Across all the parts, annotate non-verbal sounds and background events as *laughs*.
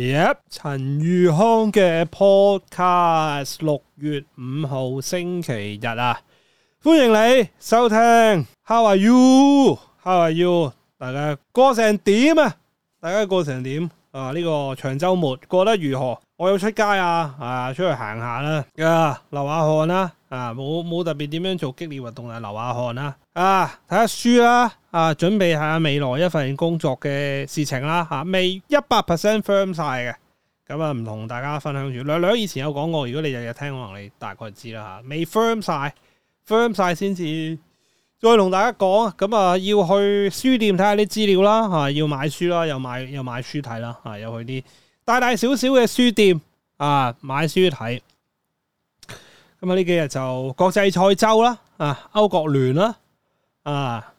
Yep, 陳宇康嘅 podcast 六月五號星期日啊，歡迎你收聽。How are you？How are you？大家過成點啊？大家過成點啊？呢個長周末過得如何？我要出街啊，啊，出去行下啦，啊，流下汗啦、啊。啊，冇冇特別點樣做激烈運動啊，流下汗啦、啊，啊，睇下書啦、啊，啊，準備下未來一份工作嘅事情啦、啊，吓未一百 percent firm 晒嘅，咁啊唔同大家分享住。兩兩以前有講過，如果你日日聽，可能你大概知啦吓，未、啊、firm 晒，firm 晒先至再同大家講，咁啊，啊要去書店睇下啲資料啦、啊，吓、啊啊、要買書啦、啊，又買又買書睇啦、啊，吓、啊、又去啲大大小小嘅書店啊，啊買書睇。咁啊！呢幾日就國際賽週啦，啊歐國聯啦，啊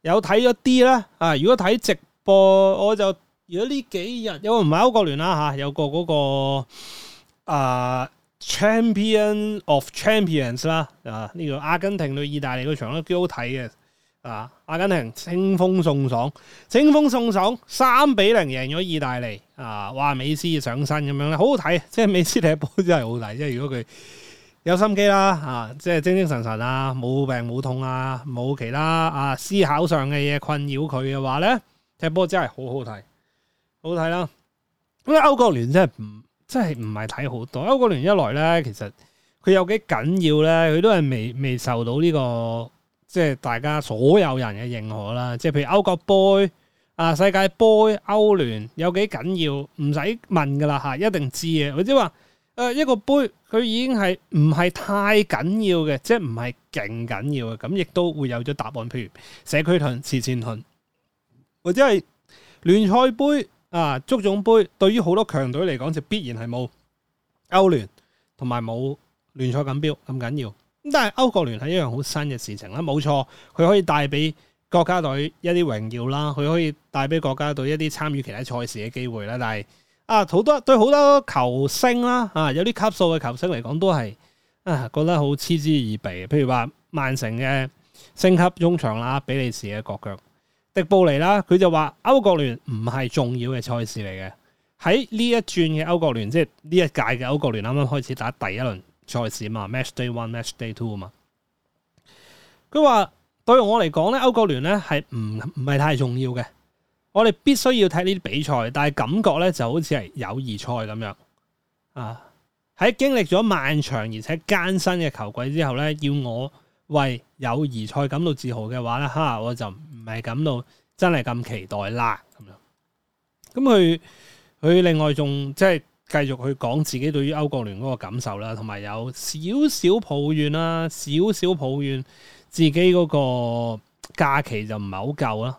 有睇咗啲啦。啊，如果睇直播我就，如果呢幾日，因為唔係歐國聯啦嚇，有個嗰個啊 Champion of Champions 啦、啊，啊、這、呢個阿根廷對意大利個場都幾好睇嘅。啊，阿根廷清風送爽，清風送爽三比零贏咗意大利。啊，哇！美斯上身咁樣咧，好好睇。即係美斯踢波真係好睇，即係如果佢。有心機啦，啊、即係精精神神啊，冇病冇痛啊，冇其他啊，思考上嘅嘢困擾佢嘅話咧，踢波真係好好睇，好睇啦。咁咧歐國聯真係唔真係唔係睇好多。歐國聯一來咧，其實佢有幾緊要咧，佢都係未未受到呢個即係大家所有人嘅認可啦。即係譬如歐國杯啊、世界杯、歐聯有幾緊要，唔使問噶啦、吓、一定知嘅。或者話。誒、呃、一個杯，佢已經係唔係太緊要嘅，即係唔係勁緊要嘅，咁亦都會有咗答案。譬如社區盾、慈善盾，或者係聯賽杯啊、足總杯，對於好多強隊嚟講就必然係冇歐聯同埋冇聯賽錦標咁緊要。咁但係歐國聯係一樣好新嘅事情啦，冇錯，佢可以帶俾國家隊一啲榮耀啦，佢可以帶俾國家隊一啲參與其他賽事嘅機會啦，但係。啊，好多對好多球星啦，啊，有啲級數嘅球星嚟講都係啊，覺得好嗤之以鼻嘅。譬如話曼城嘅升級中場啦，比利時嘅國腳迪布尼啦，佢就話歐國聯唔係重要嘅賽事嚟嘅。喺呢一轉嘅歐國聯，即係呢一屆嘅歐國聯啱啱開始打第一輪賽事啊嘛，match day one，match day two 啊嘛。佢話對我嚟講咧，歐國聯咧係唔唔係太重要嘅。我哋必須要睇呢啲比賽，但係感覺咧就好似係友誼賽咁樣啊！喺經歷咗漫長而且艱辛嘅球季之後咧，要我為友誼賽感到自豪嘅話咧，哈、啊，我就唔係感到真係咁期待啦咁樣。咁佢佢另外仲即係繼續去講自己對於歐國聯嗰個感受啦，同埋有，有少少抱怨啦、啊，少少抱怨自己嗰個假期就唔係好夠啦。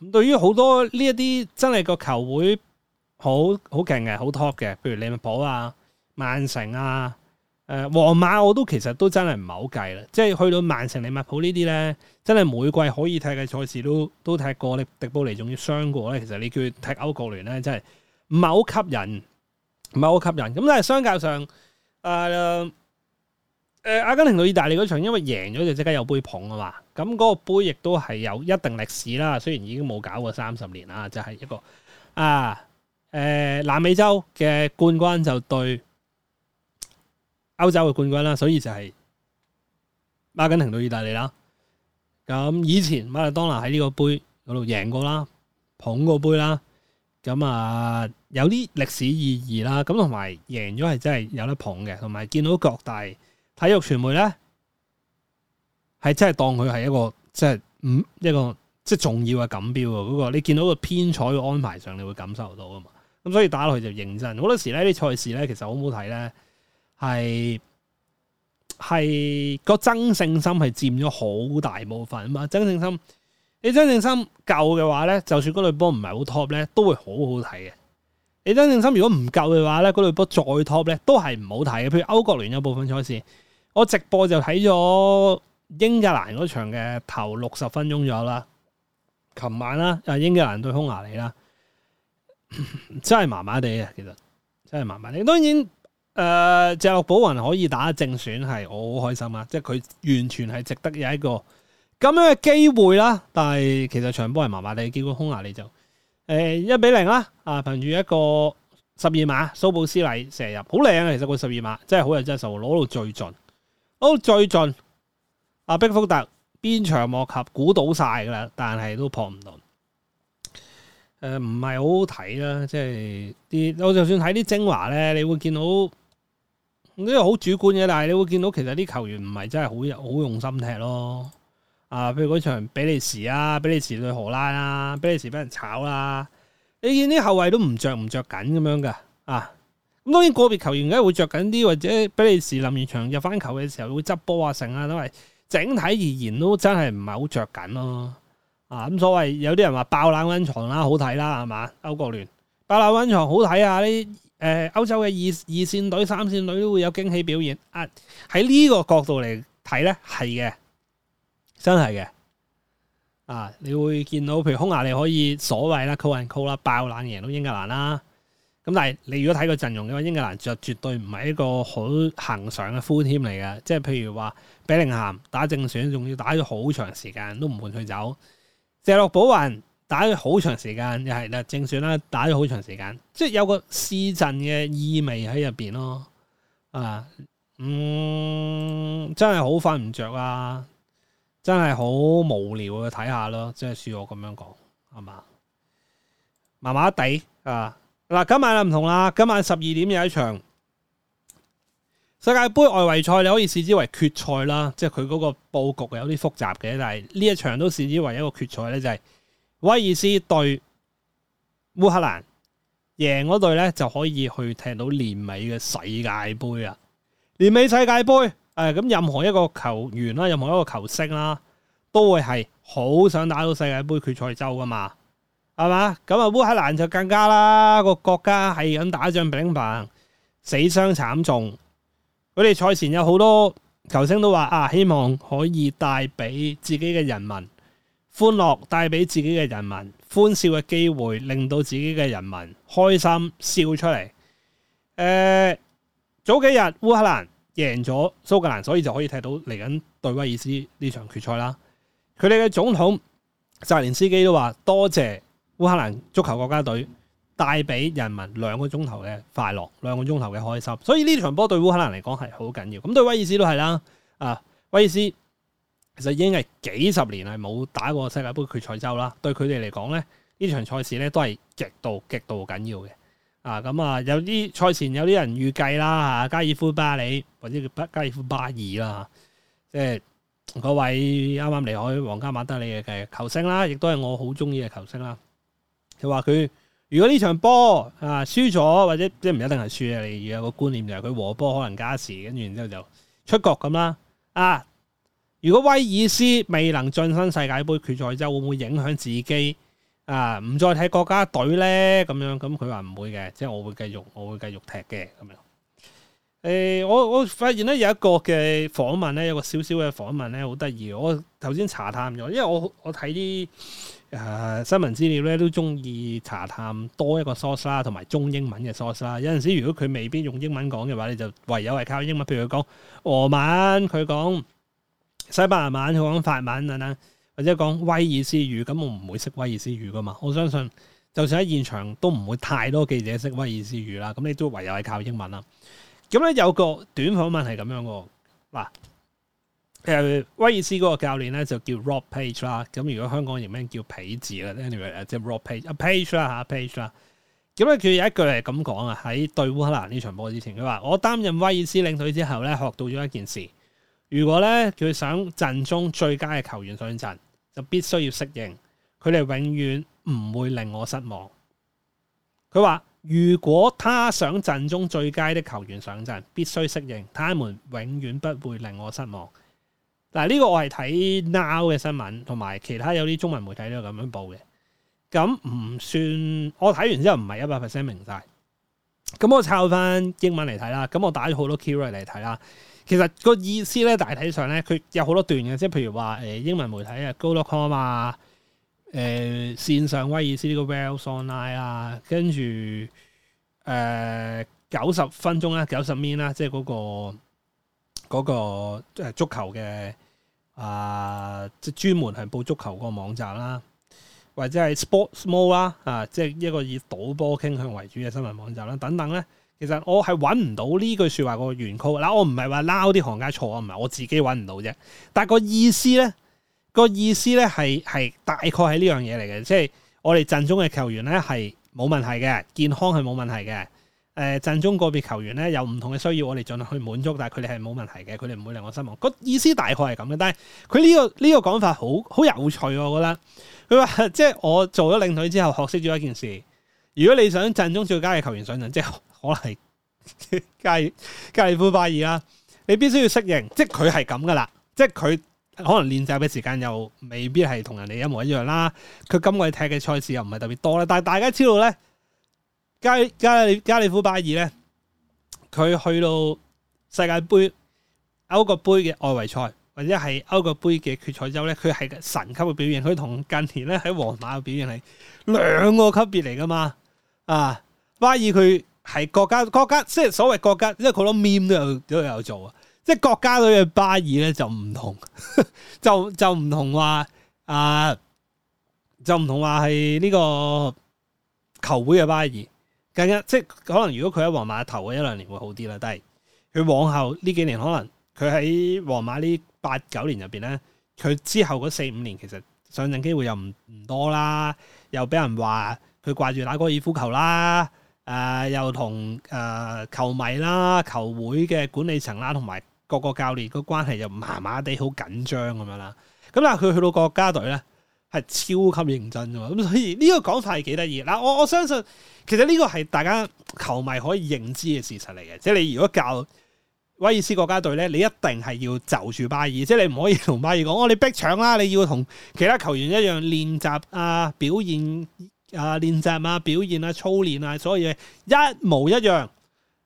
咁對於好多呢一啲真係個球會好好勁嘅、好 top 嘅，譬如利物浦啊、曼城啊、誒、呃、皇馬，我都其實都真係唔係好計啦。即係去到曼城、利物浦呢啲咧，真係每季可以踢嘅賽事都都踢過。你迪布尼仲要傷過咧，其實你叫佢踢歐國聯咧，真係唔係好吸引，唔係好吸引。咁但係相較上誒。呃阿根廷對意大利嗰場，因為贏咗就即刻有杯捧㗎嘛！咁嗰個杯亦都係有一定歷史啦，雖然已經冇搞過三十年啦，就係、是、一個啊誒、呃、南美洲嘅冠軍就對歐洲嘅冠軍啦，所以就係阿根廷對意大利啦。咁以前馬拉當拿喺呢個杯嗰度贏過啦，捧過杯啦，咁啊有啲歷史意義啦，咁同埋贏咗係真係有得捧嘅，同埋見到各大。體育傳媒咧，係真係當佢係一個即係唔一個即係重要嘅錦標啊！嗰個你見到個編彩嘅安排上，你會感受到啊嘛。咁所以打落去就認真。好多時咧，啲賽事咧，其實好唔好睇咧，係，係個爭勝心係佔咗好大部分啊嘛。爭勝心，你爭勝心夠嘅話咧，就算嗰隊波唔係好 top 咧，都會好好睇嘅。你爭勝心如果唔夠嘅話咧，嗰隊波再 top 咧，都係唔好睇嘅。譬如歐國聯有部分賽事。我直播就睇咗英格蘭嗰場嘅頭六十分鐘左右啦，琴晚啦，啊英格蘭對匈牙利啦，真係麻麻地啊，其實真係麻麻地。當然，誒、呃，謝洛寶雲可以打正選係，我好開心啊，即係佢完全係值得有一個咁樣嘅機會啦、啊。但係其實場波係麻麻地，結果匈牙利就誒一比零啦，呃、0啊憑住一個十二碼蘇布斯禮射入，好靚啊！其實個十二碼真係好有質素，攞到最盡。好，最近阿碧福特邊場莫及，估到晒噶啦，但係都破唔到。誒、呃，唔係好好睇啦，即係啲我就算睇啲精華咧，你會見到呢個好主觀嘅，但係你會見到其實啲球員唔係真係好好用心踢咯。啊，譬如嗰場比利時啊，比利時對荷蘭啊，比利時俾人炒啦、啊，你見啲後衛都唔着唔着緊咁樣㗎。啊。當然個別球員梗係會着緊啲，或者比利時臨完場入翻球嘅時候會執波啊、成啊，都係整體而言都真係唔係好着緊咯。啊，咁所謂有啲人話爆冷温床看啦，好睇啦，係嘛？歐國聯爆冷温床好睇啊！啲誒，歐、呃、洲嘅二二線隊、三線隊都會有驚喜表現啊，喺呢個角度嚟睇咧，係嘅，真係嘅。啊，你會見到譬如匈牙利可以所謂啦 call and call 啦，爆冷贏到英格蘭啦。咁但係你如果睇個陣容嘅話，英格蘭就絕對唔係一個好恆常嘅 full team 嚟嘅，即係譬如話比寧咸打正選，仲要打咗好長時間都唔換佢走，謝洛保雲打咗好長時間，又係啦正選啦，打咗好長時間，即係有個試陣嘅意味喺入邊咯，啊，嗯，真係好瞓唔着啊，真係好無聊啊，睇下咯，即係恕我咁樣講，係嘛？麻麻地啊。嗱，今晚啦唔同啦，今晚十二點有一場世界杯外圍賽，你可以視之為決賽啦，即係佢嗰個佈局有啲複雜嘅，但係呢一場都視之為一個決賽咧，就係、是、威爾斯對烏克蘭贏嗰隊咧就可以去踢到年尾嘅世界杯啊！年尾世界杯，誒，咁、呃、任何一個球員啦，任何一個球星啦，都會係好想打到世界杯決賽周噶嘛。係嘛咁啊？烏克蘭就更加啦，個國家係咁打仗兵伐，死傷慘重。佢哋賽前有好多球星都話，啊，希望可以帶俾自己嘅人民歡樂，帶俾自己嘅人民歡笑嘅機會，令到自己嘅人民開心笑出嚟。誒、呃，早幾日烏克蘭贏咗蘇格蘭，所以就可以睇到嚟緊對威爾斯呢場決賽啦。佢哋嘅總統澤連斯基都話，多謝。烏克蘭足球國家隊帶俾人民兩個鐘頭嘅快樂，兩個鐘頭嘅開心，所以呢場波對烏克蘭嚟講係好緊要。咁對威爾斯都係啦，啊，威爾斯其實已經係幾十年係冇打過世界盃決賽周啦。對佢哋嚟講咧，呢場賽事咧都係極度極度緊要嘅。啊，咁啊，有啲賽前有啲人預計啦，加爾夫巴里或者叫加爾夫巴爾啦，即係嗰位啱啱離開皇家馬德里嘅球星啦，亦都係我好中意嘅球星啦。佢話：佢如果呢場波啊輸咗，或者即係唔一定係輸啊，例如有個觀念就係佢和波可能加時，跟住然之後就出局咁啦。啊，如果威爾斯未能晉身世界盃決賽之後，就會唔會影響自己啊？唔再踢國家隊咧？咁樣咁佢話唔會嘅，即係我會繼續，我會繼續踢嘅咁樣。誒，我我發現咧有一個嘅訪問咧，有個小小嘅訪問咧，好得意。我頭先查探咗，因為我我睇啲。誒、啊、新聞資料咧都中意查探多一個 source 啦，同埋中英文嘅 source 啦。有陣時如果佢未必用英文講嘅話，你就唯有係靠英文。譬如佢講俄文，佢講西班牙文，佢講法文等等，或者講威爾斯語，咁我唔會識威爾斯語噶嘛。我相信，就算喺現場都唔會太多記者識威爾斯語啦。咁你都唯有係靠英文啦。咁咧有個短訪問係咁樣嘅喎，啊誒，威爾斯嗰個教練咧就叫 Rob Page 啦，咁如果香港人名叫皮字，啦，anyway 即係 Rob Page 啊，Page 啦，吓，Page 啦，咁咧佢有一句係咁講啊，喺對烏克蘭呢場波之前，佢話，我擔任威爾斯領隊之後咧，學到咗一件事，如果咧佢想陣中最佳嘅球員上陣，就必須要適應，佢哋永遠唔會令我失望。佢話，如果他想陣中最佳的球員上陣，必須適應，他們永遠不會令我失望。嗱呢個我係睇 Now 嘅新聞，同埋其他有啲中文媒體都有咁樣報嘅，咁唔算我睇完之後唔係一百 percent 明晒。咁我抄翻英文嚟睇啦，咁我打咗好多 key 嚟睇啦，其實個意思咧大體上咧，佢有好多段嘅，即係譬如話誒、呃、英文媒體啊，Go.com 啊，誒、呃、線上威爾斯呢個 Welsh Online 啊，跟住誒九十分鐘啦，九十 min 啦，即係嗰、那個。嗰個足球嘅啊，即係專門係報足球個網站啦，或者係 Sportsmo 啦啊，即係一個以賭波傾向為主嘅新聞網站啦，等等咧。其實我係揾唔到呢句說話個原曲。嗱我唔係話鬧啲行家錯啊，唔係我自己揾唔到啫。但個意思咧，個意思咧係大概係呢樣嘢嚟嘅，即係我哋陣中嘅球員咧係冇問題嘅，健康係冇問題嘅。誒、呃、陣中個別球員咧有唔同嘅需要，我哋盡量去滿足，但佢哋係冇問題嘅，佢哋唔會令我失望。個意思大概係咁嘅，但係佢呢個呢個講法好好有趣，我覺得。佢話即係我做咗領隊之後，學識咗一件事。如果你想陣中最佳嘅球員上陣，即係可能係格格利夫拜爾啦，你必須要適應。即係佢係咁噶啦，即係佢可能練習嘅時間又未必係同人哋一模一樣啦。佢今季踢嘅賽事又唔係特別多啦。但係大家知道咧。加加加利夫巴爾咧，佢去到世界杯、歐國杯嘅外圍賽，或者係歐國杯嘅決賽周咧，佢係神級嘅表現。佢同近年咧喺皇馬嘅表現係兩個級別嚟噶嘛？啊，巴爾佢係國家國家，即係所謂國家，即係好多面都有都有做啊！即係國家隊嘅巴爾咧就唔同， *laughs* 就就唔同話啊，就唔同話係呢個球會嘅巴爾。更加即係可能，如果佢喺皇馬頭嘅一兩年會好啲啦，但係佢往後呢幾年可能佢喺皇馬呢八九年入邊咧，佢之後嗰四五年其實上陣機會又唔唔多啦，又俾人話佢掛住打高爾夫球啦，誒、呃、又同誒、呃、球迷啦、球會嘅管理層啦同埋各個教練個關係又麻麻地好緊張咁樣啦，咁但係佢去到國家隊咧。係超級認真嘅嘛，咁所以呢個講法係幾得意。嗱，我我相信其實呢個係大家球迷可以認知嘅事實嚟嘅。即係你如果教威爾斯國家隊咧，你一定係要就住巴爾，即係你唔可以同巴爾講，我哋逼搶啦，你要同其他球員一樣練習啊、表現啊、練習啊、表現啊、操練啊，所有嘢一模一樣。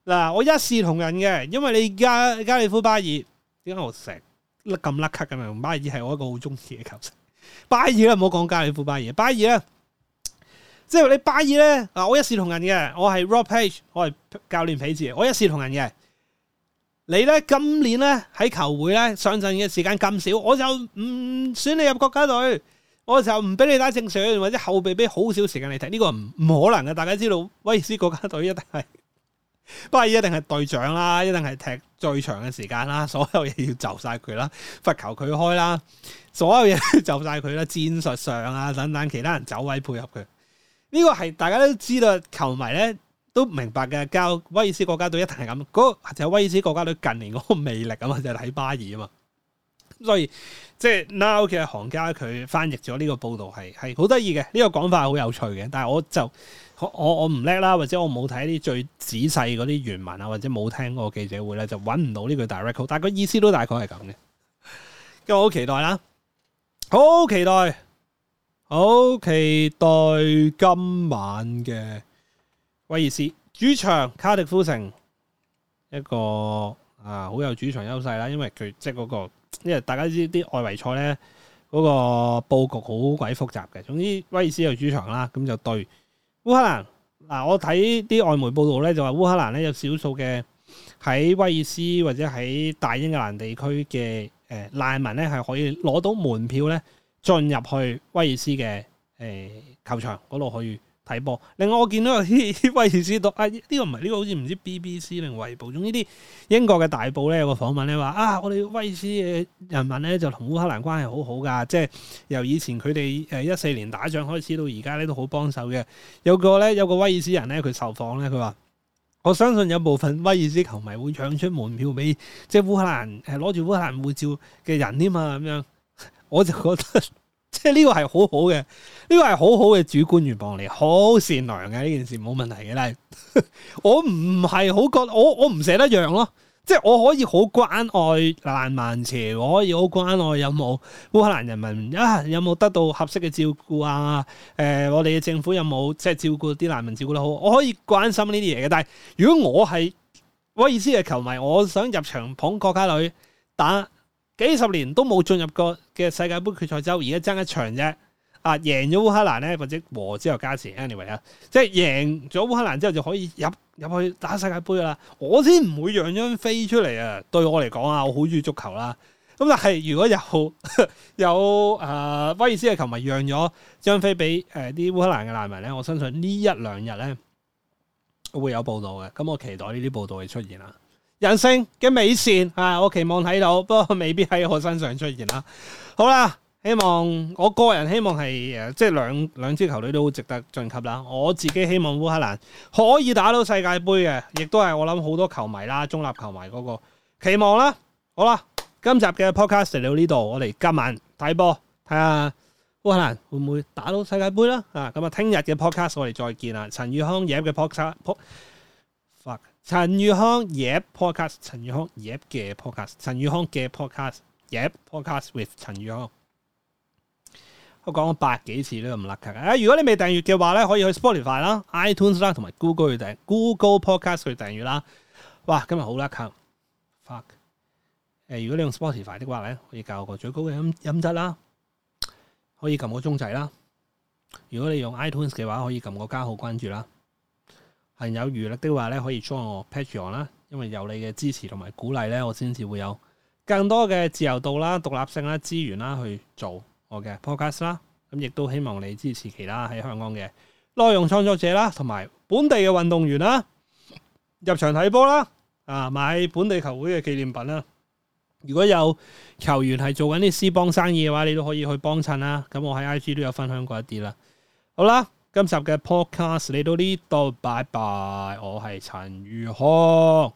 嗱、啊，我一視同仁嘅，因為你而家加利夫巴爾點解我成咁甩咳咁 k 巴爾係我一個好中意嘅球拜爾啦，唔好講加里夫拜爾，拜爾咧，即係你拜爾咧，嗱，我一視同仁嘅，我係 Rob Page，我係教練皮治，我一視同仁嘅。你咧今年咧喺球會咧上陣嘅時間咁少，我就唔選你入國家隊，我就唔俾你打正選，或者後備俾好少時間你踢，呢、這個唔唔可能嘅，大家知道，威爾斯國家隊一定係拜爾，一定係隊長啦，一定係踢。最長嘅時間啦，所有嘢要就晒佢啦，罰球佢開啦，所有嘢就晒佢啦，戰術上啊等等，其他人走位配合佢，呢個係大家都知道，球迷咧都明白嘅。交威爾斯國家隊一定係咁，嗰個就係威爾斯國家隊近年嗰個魅力啊嘛，就係睇巴爾啊嘛。所以即係 now 嘅行家，佢翻譯咗呢個報道係係好得意嘅，呢個講法係好有趣嘅，這個。但係我就我我我唔叻啦，或者我冇睇啲最仔細嗰啲原文啊，或者冇聽過記者會咧，就搵唔到呢句 direct call，但個意思都大概係咁嘅。咁我好期待啦，好期待，好期、期、期待今晚嘅威爾士主場卡迪夫城一個啊，好有主場優勢啦，因為佢即係嗰個。因為大家知啲外圍賽咧嗰個佈局好鬼複雜嘅，總之威爾斯有主場啦，咁就對烏克蘭。嗱，我睇啲外媒報導咧，就話烏克蘭咧有少數嘅喺威爾斯或者喺大英格蘭地區嘅誒難民咧，係可以攞到門票咧進入去威爾斯嘅誒球場嗰度可以，睇波，另外我見到個威爾斯度啊，呢、這個唔係呢個好 BC，好似唔知 BBC 定衛報，總之，啲英國嘅大報咧，有個訪問咧話啊，我哋威爾斯嘅人民咧就同烏克蘭關係好好㗎，即、就、係、是、由以前佢哋誒一四年打仗開始到而家咧都好幫手嘅。有個咧有個威爾斯人咧，佢受訪咧，佢話我相信有部分威爾斯球迷會搶出門票俾即係烏克蘭，係攞住烏克蘭護照嘅人添嘛咁樣，我就覺得。 *laughs* 即係呢個係好好嘅，呢個，係好好嘅，呢個係好好嘅主觀願望嚟，好善良嘅，呢件事冇問題嘅。但係我唔係好覺，我唔係好覺得我唔捨得讓咯。即係我可以好關愛難民潮，我可以好關愛有冇烏克蘭人民啊，有冇得到合適嘅照顧啊？誒、呃，我哋嘅政府有冇即係照顧啲難民照顧得好？我可以關心呢啲嘢嘅。但係如果我係我意思係球迷，我想入場捧國家隊打。幾十年都冇進入過嘅世界杯決賽周，而家爭一場啫。啊，贏咗烏克蘭咧，或者和之後加時 anyway 啊，anyway, 即係贏咗烏克蘭之後就可以入入去打世界杯啦。我先唔會讓張飛出嚟啊！對我嚟講啊，我好中意足球啦。咁但係如果有有誒威爾斯嘅球迷讓咗張飛俾誒啲烏克蘭嘅難民咧，我相信一兩呢一兩日咧會有報道嘅。咁我期待呢啲報道嘅出現啦。人性嘅美善啊，我期望睇到，不過未必喺我身上出現啦。好啦，希望我個人希望係誒，即係兩兩支球隊都好值得晉級啦。我自己希望烏克蘭可以打到世界杯嘅，亦都係我諗好多球迷啦，中立球迷嗰個期望啦。好啦，今集嘅 podcast 嚟到呢度，我哋今晚睇波，睇下烏克蘭會唔會打到世界杯啦。啊，咁啊，聽日嘅 podcast 我哋再見啦，陳宇康嘢嘅 podcast。陳宇康嘅 podcast，陳宇康 y 嘅 podcast，陳宇康嘅 podcast，嘅 podcast。Yeah, podcast with 陳宇康。我講咗百幾次都唔甩卡嘅。如果你未訂閱嘅話咧，可以去 Spotify 啦、iTunes 啦，同埋 Google 去訂 Google podcast 去訂閱啦。哇，今日好甩卡。fuck。誒、呃，如果你用 Spotify 的話咧，可以教個最高嘅音音質啦，可以撳個鐘仔啦。如果你用 iTunes 嘅話，可以撳個加號關注啦。朋友餘力的話咧，可以 join 我 Patreon 啦，因為有你嘅支持同埋鼓勵咧，我先至會有更多嘅自由度啦、獨立性啦、資源啦去做我嘅 podcast 啦。咁亦都希望你支持其他喺香港嘅內容創作者啦，同埋本地嘅運動員啦，入場睇波啦，啊買本地球會嘅紀念品啦。如果有球員係做緊啲私幫生意嘅話，你都可以去幫襯啦。咁我喺 IG 都有分享過一啲啦。好啦。今集嘅 podcast 嚟到呢度，拜拜！我係陳宇康。